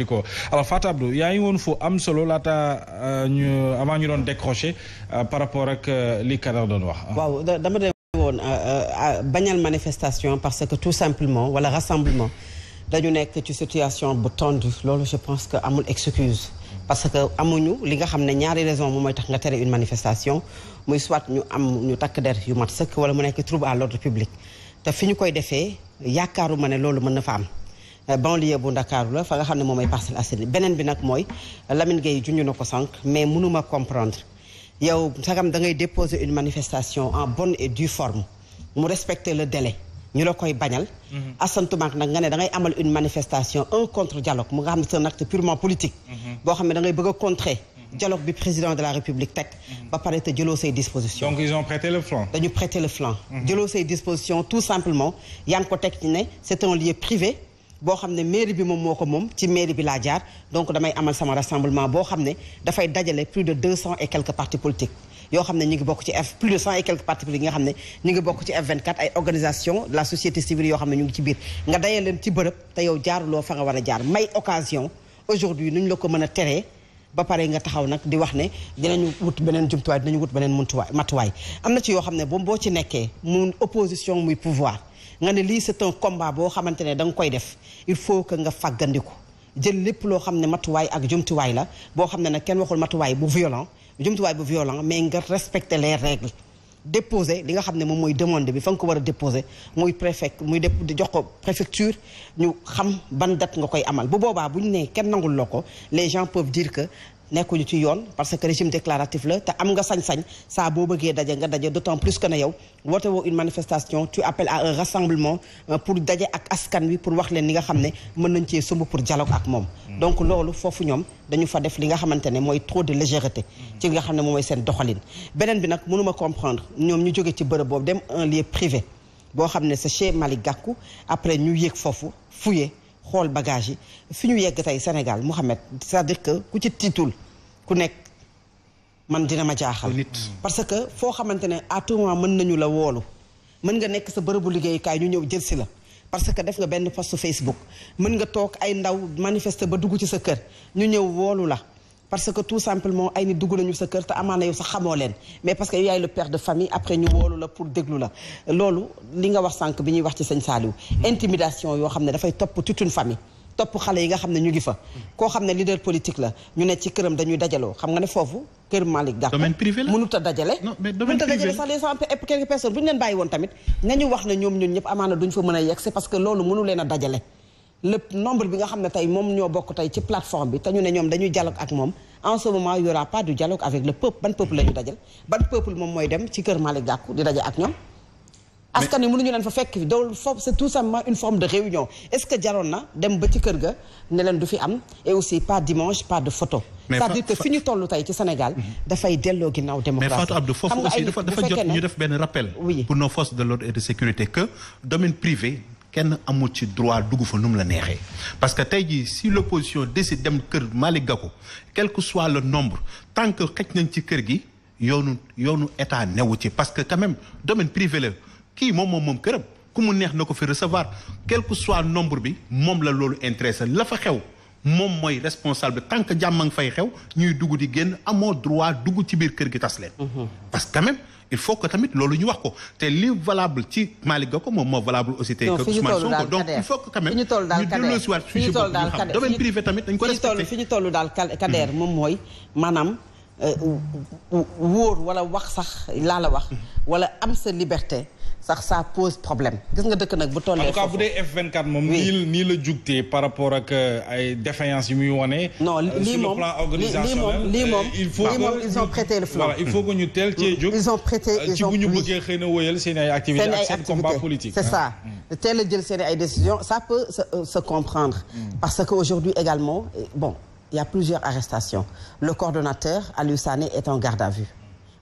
expliquer alors Fatou Abdou yaa am solo laata euh, ñu avant ñu doon décrocher euh, par rapport ak euh, li Kadar doon wax. waaw dama dem woon bañal manifestation parce que tout simplement wala rassemblement dañu nekk ci situation bu tendue loolu je pense que amul excuse. parce que amuñu li nga xam ne ñaari raison moom mooy tax nga tere une manifestation muy soit ñu am ñu takk der yu mat sëkk wala mu nekk trouble à l'ordre public te fi ñu koy defee yaakaaruma ne loolu mën na fa am. banlieue nga xam ne moom mooy Parcelles Assainies beneen bi nag mooy Lamine Gueye junj na ko sànq mais mënuma comprendre yow sagam da ngay déposer une manifestation en bonne et due forme mu respecter le délai ñu la koy bañal. Mhm. asantumaak nag nga ne da amal une manifestation un contre dialogue mu nga xam ne c'est un purement politique. Mhm. boo xam ne da ngay bëgg a mhm. dialogue bi président de la république teg. ba pare te jëloo say disposition dañu prêté boo xam ne mairie bi moom moo ko moom ci mairie bi laa jaar donc damay amal sama rassemblement boo xam ne dafay dajale plus de deux cent et quelques partis politiques yoo xam ne ñu ngi bokk ci F plus de cent ne ñu bokk ci F24 ay organisation de la société civile yoo xam ne ñu ngi ci biir nga dajale leen ci bërëb te yow jaaruloo fa nga war a jaar may occasion aujourd'hui nu ñu la ko mën a teree ba pare nga taxaw nag di wax ne dinañu wut beneen jumtuwaay dinañu wut beneen muntuwaay matuwaay am na ci yoo xam ne boobu boo ci nekkee mu opposition muy pouvoir nga ne lii c'est un combat boo xamante ne da nga koy def il faut que nga fàggandiku jël lépp loo xam ne matuwaay ak jumtuwaay la boo xam ne nag kenn waxul matuwaay bu violent jumtuwaay bu violent mais nga respecter les règles déposer li nga xam ne moom mooy demande bi fa nga ko war a déposer mooy préfet muy dép jox ko préfecture ñu xam ban date nga koy amal bu boobaa bu ñu nee kenn nangul loo ko les gens peuvent dire que nekkuñu ci yoon parce que régime déclaratif la te am nga sañ-sañ saa boo bëggee daje nga daje d'autant plus que na yow woote woo une manifestation tu appelles à rassemblement euh, pour daje ak askan wi pour wax leen li nga xam ne mën nañ cee sumb pour dialogue ak moom hmm. donc loolu foofu ñoom dañu fa def li nga xamante ne mooy trop de légèreté hmm. ci li nga xam ne mooy seen doxalin beneen bi nag mënuma comprendre ñoom ñu jóge ci bërëb boobu dem un lieu privé boo xam ne c'est chez Malick Gakou après ñu yéeg foofu fouillé xool bagage yi fi ñu yegg tey Sénégal Mouhamed sa dire que ku ci tiitul ku nekk man dina ma jaaxal. parce que foo xamante ne à mën nañu la woolu mën nga nekk sa bërëbu liggéeyukaay ñu ñëw jël si la. parce que def nga benn post Facebook mën nga toog ay ndaw manifester ba dugg ci sa kër ñu ñëw woolu la. parce que tout simplement ay nit dugg nañu sa kër te amaana yow sax xamoo leen mais parce que yaay le père famille après ñu woolu la pour déglu la loolu li nga wax sànq bi ñuy wax ci sëñ Saliou intimidation yoo xam ne dafay topp toute une famille topp xale yi nga xam ne ñu ngi fa koo xam ne leader politique la ñu ne ci këram dañuy dajaloo xam nga ne foofu kër Malick Gakou domaine a dajale mënut a dajale sax les cent bu ñu leen bàyyi woon tamit nañu wax ne ñoom ñun ñëpp amaana duñ a yegg c'est parce que loolu mënu leen a lépp nombre bi nga xam ne tey moom ñoo bokk tey ci plateforme bi te ñu ne ñoom dañuy dialogue ak moom en ce moment y aura pas de dialogue avec le mooy dem ci kër Malick Gakou ak ñoom askan wi mënuñu leen fa fekk fi dool foofu c'est tout de réunion est ne leen du fi am et aussi pas dimanche toll tey ci Sénégal mhm. dafay delloo ginnaaw démocratie mais Fatou Abdou foofu aussi dafa jot ñu def benn rappel pour nos forces de l'ordre et de sécurité que domaine privé kenn amul ci droit dugg fa nu mu la neexee parce que tey jii si l'opposition décide dem kër Malick Gakou quel que soit le nombre tant que xëj nañ ci kër gi yoonu yoonu état newu ci parce que quand même domaine privé la kii moom moom moom këram ku mu neex na ko fi recevoir quelque que soit nombre bi moom la loolu intéressé la fa xew moom mooy responsable tant que jàmm a ngi fay xew ñuy dugg di génn amoo droit dugg ci biir kër gi tas leen mhm. parce que il faut que tamit loolu ñu wax ko te li valable ci Malick Gakou moom moo valable aussi tey que Ousmane Sonko donc il faut que quand même ñu delloosiwaat suñu bopp ñu xam domaine fi ñu toll daal kadeer hmm. moom mooy maanaam euh, wóor wala wax sax laa la wax hmm. wala am sa liberté sax ça pose problème gis nga dëkk nag bu tollee. en tout cas bu dee F24 moom. nii nii la jugtee par rapport ak euh, ay défaillance yu muy wane. non euh, lii moom lii moom euh, lii moom il faut que ils ont prêté le flanc. voilà il faut que ñu teel cee jóg. ils ont prêté ils ont ci bu ñu bëggee xëy na wóyal seen ay activités ak seen combat politique. c'est ça teel a jël seen ay décisions ça peut se se comprendre. Hmm. parce que aujourd'hui également bon il y a plusieurs arrestations le coordonnateur Aliou Sané est en garde à vue.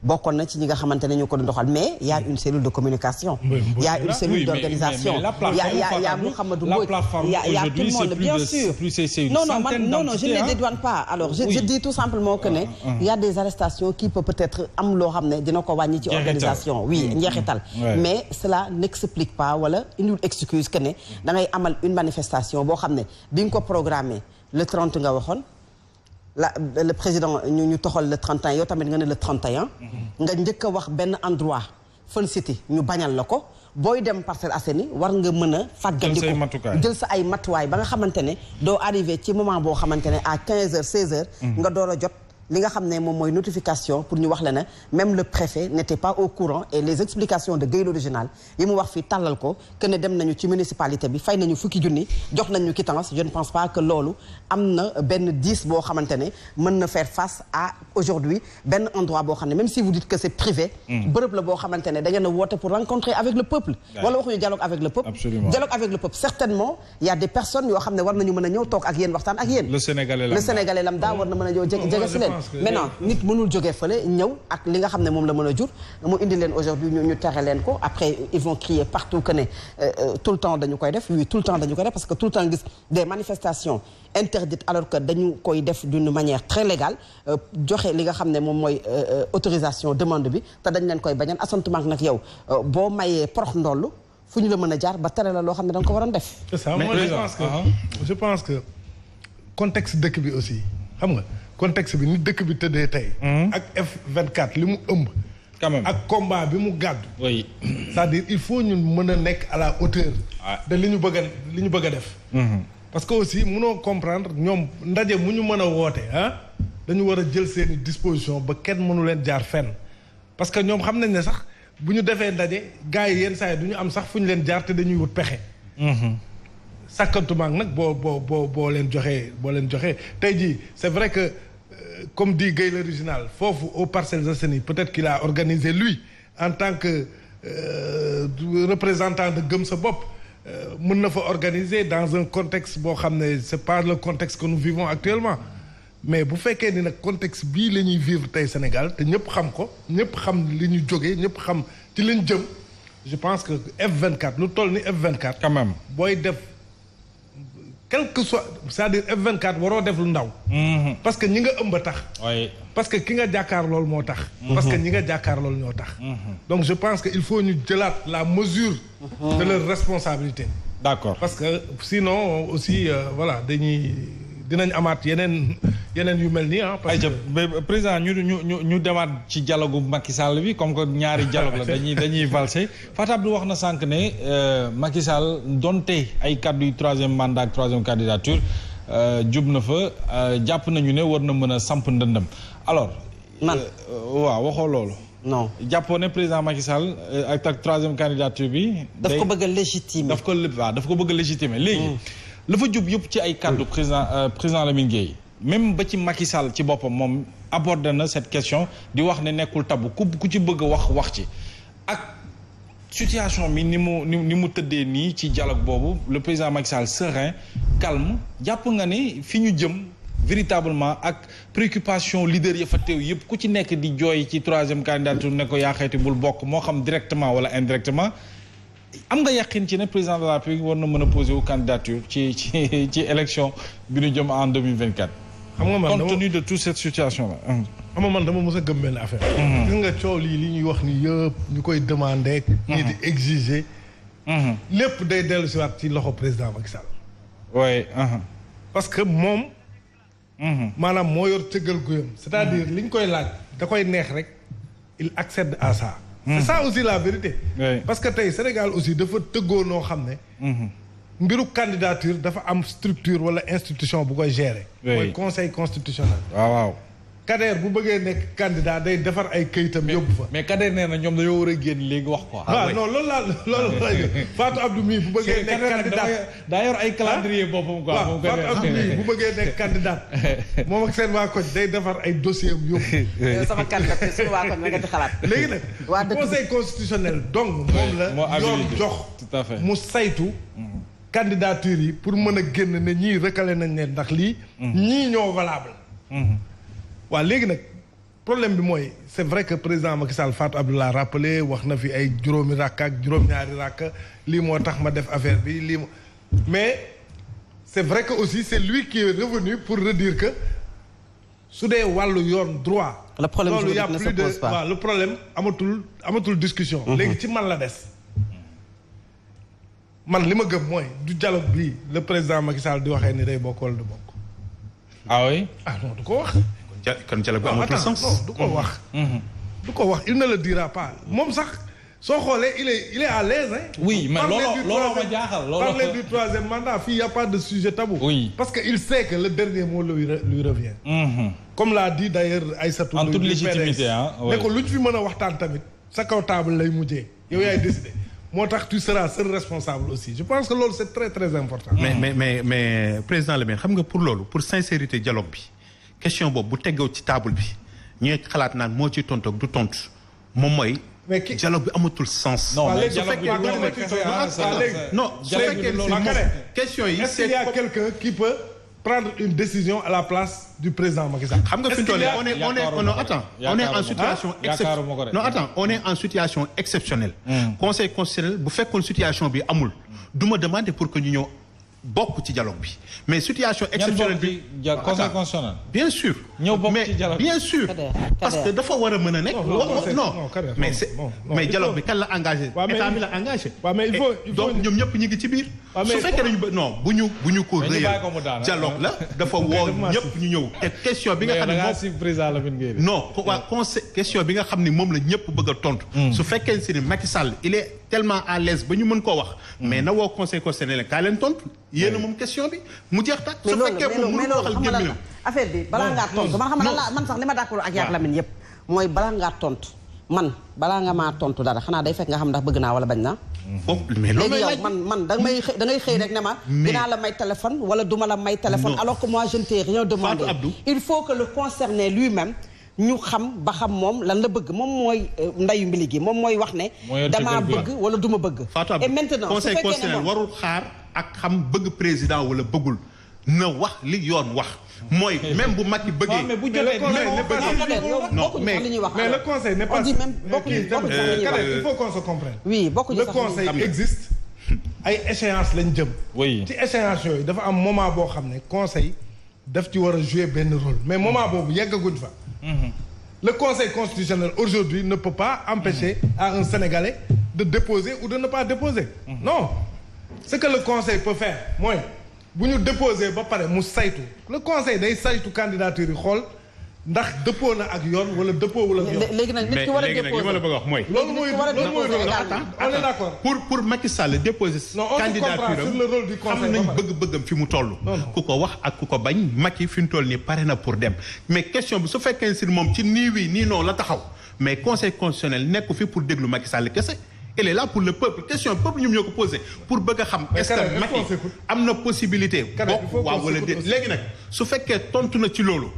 bokkoon na ci ñi nga xamante ne ñu ko doon doxal mais y' a une cellule de communication. y' a une cellule d' organisation. y' a y' a y' bien sûr. non non je ne les dédouane pas alors je dis tout simplement que ne. Ah, ah. des arrestations qui peut être am loo xam ne dina ko wàññi ci organisation. oui mm, mm, njeexital mm. mais cela n' pas wala indiwul excuse que ne da amal une manifestation boo xam ne bi nga ko programmé le 30 nga waxoon. la le président ñu ñu toxal le 31 yow tamit nga ne la 31. Mhm. nga njëkk a wax benn endroit Fun City ñu bañal la ko booy dem Parcelles Assainies war nga mën a fàggandiku jël sa ay matuwaay ba nga xamante ne doo arrivé ci moment boo xamante ne à 15 heures 16 mhm. nga door a jot li nga xam ne moom mooy notification pour ñu wax la ne même le préfet n'était pas au courant et les explications de Gueye l'original yi mu wax fii tàllal ko que dem nañu ci municipalité bi fay nañu fukki junni jox nañu quittance je ne pense pas que loolu am na benn diis boo xamante ne mën na faire face à aujourd'hui benn endroit boo xam ne même si vous dites que c'est privé mm. bërëb la boo xamante ne da ngeen a woote pour rencontrer avec le peuple wala waxuñu pense que maintenant nit mënul jógee fële ñëw ak li nga xam ne moom la mën a jur mu indi leen aujourd'hui ñu ñu tere leen ko après ils vont crier partout que ne euh, euh, tout le temps dañu koy def oui tout le temps dañu koy def parce que tout le temps gis dañu koy def d'une manière très légale euh, joxe li nga xam ne moom mooy autorisation demande bi te dañ leen koy bañal assentement nag yow boo mayee porox ndollu fu ñu la mën a jaar ba tere la loo xam ne dañ nga ko waroon def. c'est ça moi je pense que ah. je pense que contexte bi xam nga. contexte bi ni dëkk bi tëddee tey. Hmm. ak F24 li mu ëmb. quand ak combat bi mu gàddu. oui c'est-à-dire il faut ñun mën a nekk à la hauteur. Ah. de li ñu bëgg a li ñu bëgg a def. Hmm. parce que aussi mënoo comprendre ñoom ndaje mu ñu mën a woote ah dañu war a jël seen disposition ba kenn mënu leen jaar fenn parce que ñoom xam nañ ne sax bu ñu defee ndaje gars yi yenn saa yi du ñu am sax fu ñu leen jaar te dañuy wut pexe. Hmm. sàkkantumaak nag boo boo boo boo leen joxee boo leen joxee tey jii c'est vrai que. comme dit Gueye l'original foofu aux Parcelles Assainies peut-être qu'il a organisé luy en tant que euh, représentant de Gëm sa bopp euh, mën na fa organiser dans un contexte boo xam ne c'est pas le contexte que nous vivons actuellement mais bu fekkee ni nag contexte bii la ñuy vivre tey Sénégal te ñëpp xam ko ñëpp xam li ñu jógee ñëpp xam ci leen jëm je pense que F24 lu toll ni F24 quand même booy def quelque que soit c'est-à-dire F24 waroo def lu ndaw. Mhm. parce que ñi nga ëmb tax. parce que ki nga jàkkaar lool moo tax. Mhm. parce que ñi nga jàkkaar lool ñoo tax. Mhm. donc je pense que il faut ñu jëlaat la mesure. de leur responsabilité. d'accord parce que sinon aussi euh, voilà dañuy dinañ amaat yeneen. yeneen yu mel nii ah. parce que président ñu ñu ñu ñu demaat ci dialogue Macky Sall bi comme que ñaari dialogue la dañuy dañuy valsé Fatou Abdou wax na sànq ne euh, Macky Sall donte ay kaddu yu troisième mandat ak troisième candidature euh, jub na fa euh, jàpp nañu ne war na mën a samp ndëndam alors. man waaw waxoo loolu. non jàppoo ne président Macky Sall ak ak troisième candidature bi. daf ko bëgg a légitimer daf ko waaw daf ko bëgg a légitimer léegi. Mm. la fa jub yëpp ci ay kaddu président président Lamine Gueye. même ba ci Macky Sall ci boppam moom abordé na cette question di wax ne nekkul tabu ku ku ci bëgg a wax wax ci ak situation bi ni mu ni mu tëddee nii ci dialogue boobu le président Macky Sall serein calme jàpp nga ni fi ñu jëm véritablement ak préoccupation leader ya fa teew yëpp ku ci nekk di jooy ci troisième candidature ne ko yaa bul bokk moo xam directement wala indirectement am nga yàqin ci ne président de la République war na mën a poser wu candidature ci ci ci élection bi ñu jëm en 2024 xam nga man compte tenu de toute cette situation là. xam nga man dama mos a gëm benn affaire. gis nga coow lii li ñuy wax ni yëpp ñu koy demander. ñii di lépp day dellu si waat ci loxo président Macky Sall. oui. parce que moom. maanaam moo yor tëggal guyam. c'est-à-dire li ñu koy laaj da koy neex rek il accède à ça. c'est ça aussi la vérité. parce que tey Sénégal aussi dafa tëggoo noo xam ne. mbiru candidature dafa am structure wala institution bu koy gérer. mooy conseil constitutionnel. waaw waaw. Kader bu bëggee nekk candidat day defar ay këyitam yóbbu fa. mais Kader nee na ñoom dañoo war génn léegi wax quoi. ah non loolu laa loolu ah? mii bu bëggee nekk candidat daa yor ay calendrier boppam bu bëggee nekk candidat moom ak seen waa koñ day defar ay dossier am yóbbu. sama candidat te xalaat. léegi nag conseil constitutionnel donc moom la. moo yoon jox mu saytu. Mm. candidature yi pour mën a génn ne ñii recalé nañ leen ndax lii. Mhm. ñii ñoo valable. Mhm. waa léegi nag problème bi mooy c' est vrai que président Macky Sall Fatou Abdoulaye rappelé wax na fi ay juróomi rakk ak juróom-ñaari ràkk lii moo tax ma def affaire bi lii moo mais c' est vrai que aussi c' est lui qui est revenu pour redire que su dee wàllu yoon droit. le problème loolu y' a plus de problème amatul amatul discussion. Mhm. léegi ci man la des. man li ma gëm mooy du dialogue bii le président Macky Sall di waxee ni day bokk du bokk. ah oui. ah non du ko wax. kon dialogue bi amatul sens du ko mhm. wax. Mhm. du ko wax il ne le dira pas moom sax soo xoolee il est il est à l'aise hein. oui du troisième mandat fii y a pas de sujet tabou. parce que il sait que le dernier mot lui revient. Mhm. comme l'a dit d'ailleurs ay en toute légitimité ah ne ko lu fi mën a waxtaan tamit sa kaw table lay mujjee yow yaay décidé. moo tax tu seras seul responsable aussi je pense que loolu c'est très très important. mais mais mais mais président xam nga pour loolu pour sincérité dialogue bi question boobu bu teggew ci table bi ñuy xalaat naan moo ci tontu ak du tontu moom mooy. mais ki dialogue bi amatul sens. non mais dialogue bi ah, ah, no su fekkee question yi. est-ce qu'il y prendre une décision à la place du président Macky Sall. xam nga fi ñu toll on est on est ah, non attends on est en situation exceptionnelle hmm. conseil constitutionnel bu fekkoon situation bi amul. du ma pour que ñu ñëw bokk ci dialogue bi mais situation. exceptionnelle bi conseil constitutionnel bien sûr. ñëw bokk bien sûr. parce que dafa war a mën a nekk. non mais mais dialogue bi kan la engagé. état bi la engagé. donc ñoom ñëpp ñu ngi ci biir. su fekkee dañu ba non bu ñu ko réyal dialogue la dafa woo ñëpp ñu ñëw. te question bi nga xam ne moom non waa conseil bi nga xam ne moom la a tontu. Hmm. su fekkee si ne Macky Sall il est tellement à l'aise ba ñu mën koo wax. Hmm. mais na woo conseil constitutionnel kaa leen tontu. yéen moom question bi mu jeex tàkk. su fekkee moom mënu ko waxal gémmiñam affaire bi balaa tontu man xam na man sax li ma d'accord ak yaak Lamine yëpp mooy balaa ngaa tontu man balaa nga maa tontu dara xanaa day fekk nga xam ndax bëgg naa wala bañ naa oh, mais léegi man man da ngay xëy da xëy rek ne ma dinaa la may téléphone wala duma la may téléphone alors que moi je ne t'ai rien demandé il faut que le concerné lui-même ñu xam ba xam moom lan la bëgg moom mooy euh, ndayu mbili gi moom mooy wax ne damaa bëgg wala du ma bëgg et maintenant conseil constitutionnel warul xaar ak xam bëgg président wala bëggul na wax li yoon wax mooy même bu yi bëggee. mais bu jotee mais mais le conseil n'est pas. on dit même bokkuñu il faut euh, qu'on se comprenne. oui bokkuñu sax le conseil existe. ay échéance lañ jëm. oui ci échéance yooyu dafa am moment boo xam ne conseil daf ci war a jouer benn rôle mais moment mm-hmm. boobu yeggaguñ fa. Mm-hmm. le conseil constitutionnel aujourd'hui ne peut pas empêcher mm-hmm. à un Sénégalais de déposer ou de ne pas déposer. non ce que le conseil peut faire mooy. bu ñu déposé ba pare mu saytu le conseil day saytu candidature yi xool ndax dëppoo na ak yoon wala dëppoo wala ak yoon. léegi nag nit ki war a déposé mais la bëgg wax mooy. mooy loolu mooy loolu on est d'accord pour pour Macky Sall déposé. candidature am xam nañ bëgg-bëggam fi mu toll. ku ko wax ak ku ko bañ Macky fi mu toll nii pare na pour dem mais question bi su fekkee si moom ci nii wii nii noonu la taxaw mais conseil constitutionnel nekk fi pour déglu Macky Sall kese. elle la là pour le peuple question peuple ñoom ñoo ko posé pour bëgg a xam est-ce que Macky am na possibilité bokk waaw wala déet léegi nag su fekkee tontu na ci loolu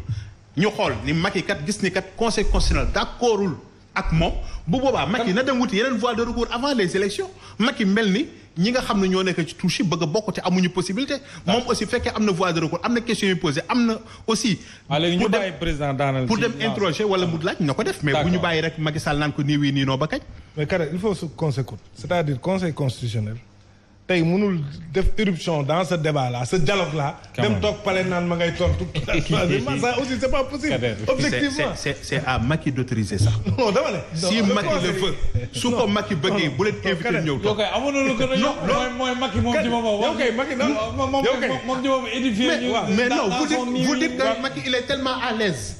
ñu xool ni Macky kat gis ni kat conseil constitutionnel d'accordul ak moom bu boobaa Macky na dem wuti yeneen voie de recours avant les élections Macky mel ni ñi nga xam ne ñoo nekk ci touche bëgg a bokk te amuñu possibilité moom aussi fekkee am na voie de recours am na question yu posé am na aussi ah, pour dem pour dem interroger wala mu laaj na ko def mais ñu bàyyi rek Macky Sall naan ko nii wii nii noo ba kañ mais Kare il faut qu'on s'écoute c'est-à-dire conseil constitutionnel tey mënul def éruption dans ce débat là ce dialogue là. dem toog pale naan ma ngay tontu. ça aussi c'est pas possible. objectivement c'est c'est à Macky d'autoriser sax. non dama ne. si Macky le veut su ko Macky bëggee bu leen invité ok amoon na lu gën a yomb mais non vous dites vous il est tellement à l'aise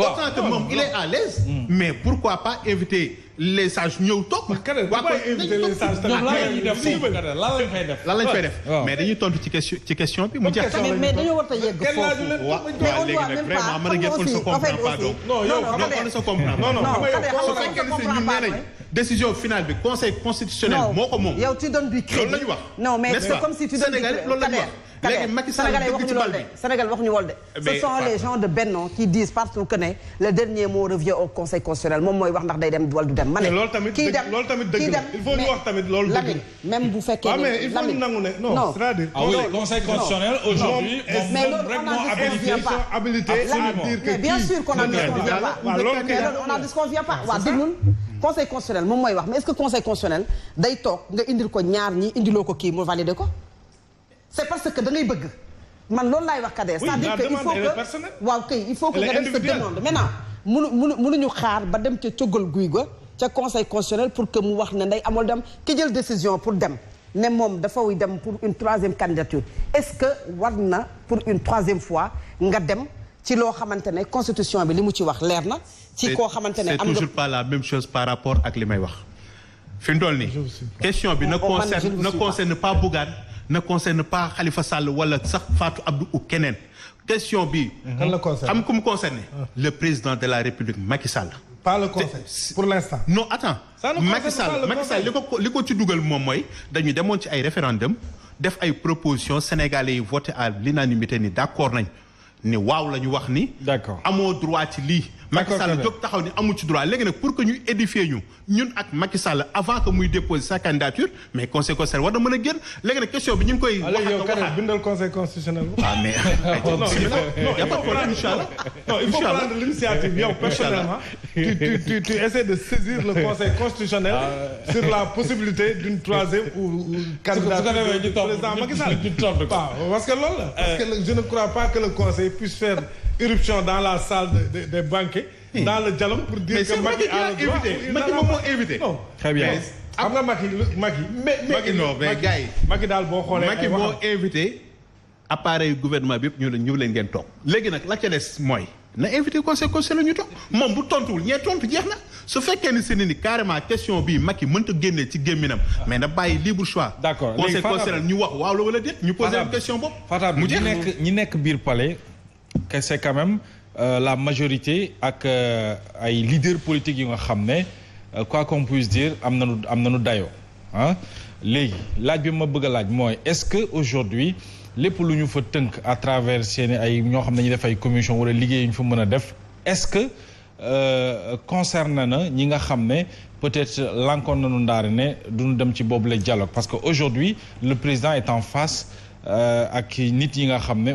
autant que moom il est à l'aise mm. Mm. mais pourquoi pas inviter les sages ñëw toog. waa kon inviter les sages tamit lan lañ fay def lan lañ fay def mais dañuy tontu ci question ci question bi mu jeex. mais dañoo war a yegg foofu waaw léegi nag vraiment mën ngeen kon se comprend pas donc. non yow xam nga se comprend non non su fekkee ne ñun nee nañ décision finale bi conseil constitutionnel. moo ko moom yow tu donnes du crédit loolu la ñu wax. non mais c'est comme si tu donnes du crédit loolu la ñu wax. léegi Macky Sall dëgg ci bal bi Sénégal waxuñu loolu de ce sont les gens de Benno qui disent partout que ne le dernier mot revient au conseil constitutionnel moom mooy wax ndax day dem wala du dem ma ne loolu tamit kii dem loolu tamit dëgg la il faut ñu wax tamit loolu dëgg la même bu fekkee waaw ah, mais il faut ñu nangu ne non c'est-à-dire ah oui conseil constitutionnel aujourd'hui mais loolu on habilité à dire que bien sûr qu'on n'en disconvient pas waaw déglul conseil constitutionnel moom mooy wax mais est-ce que conseil constitutionnel day toog nga indil ko ñaar ñi indiloo ko kii mu valider ko c'est parce que da bëgg man loolu laay wax Kader. c'est-à-dire que il faut que waaw kay il faut que nga xaar ba dem ca coggal guy ga ca conseil pour que mu wax ne nday amul dem ki jël décision pour dem ne moom dafa wuy dem troisième candidature est-ce que war na pour une troisième fois nga dem ci loo xamante ne constitution bi li mu ci wax leer na. ci koo xamante ne am nga c'est la même par rapport ak li may wax. fi mu toll nii question bi ne concerne ne concerne pas Bougane ne concerne pas xalifa Sall wala sax Fatou Abdou u keneen question bi. kan la concerne am ku mu concerne. Ah. le président de la république Macky Sall. pas le conseil pour l'instant. non attends Macky Sall Macky Sall li ko li ko ci dugal moom moy dañu demoon ci ay référendum def ay propositions sénégalais yi voté à l'unanimité ni d'accord nañ. ni waaw la ñu wax ni. d'accord amoo droit ci lii. Macky Sall jóg taxaw ni amu ci droit léegi nag pour que ñu édifier ñu ñun ak Macky avant que muy déposer sa candidature mais conseil constitutionnel war na mën a génn léegi nag question bi ñu ngi koy. wax yow Karim bindal conseil constitutionnel. ah mais non non y' a pas de problème incha allah. non il faut conseil constitutionnel. Ah. sur la possibilité d'une troisième ou. candidature parce que loolu je ne crois pas que le conseil. puisse faire éruption dans la salle des de, des hmm. dans le dialogue pour dire que Macky a le droit Macky moom moo évité. nga Macky Macky. mais mais daal boo xoolee. Macky moo invité appareil gouvernement bi yëpp ñu leen ñu ngeen toog. léegi nag la ca mooy. na invité conseil conseil la ñu toog moom bu tontuwul ñee tontu jeex na su fekkee ni seeni ni carrément question bii Macky mënta génnee ci gémminam mais na bàyyi libre choix. d'accord conseil conseil ñu wax waaw la wala déet ñu posé question boobu. biir palais. que c'est quand même euh, la majorité ak euh, ay leaders politiques yu nga xam ne euh, quoi qu'on puisse dire am na nu dayo ah léegi laaj bi ma bëgg a laaj mooy est-ce que aujourd'hui lépp lu ñu fa tënk à travers seeni ay ñoo xam ne ñu def ay commission wala liggéey yu ñu fa a def est-ce que Euh, concerne na ñi nga xam ne peut-être lankoon nañu ndaari ne duñu dem ci boobu la dialogue parce que aujourd'hui le président est en face euh, ak nit yi nga xam ne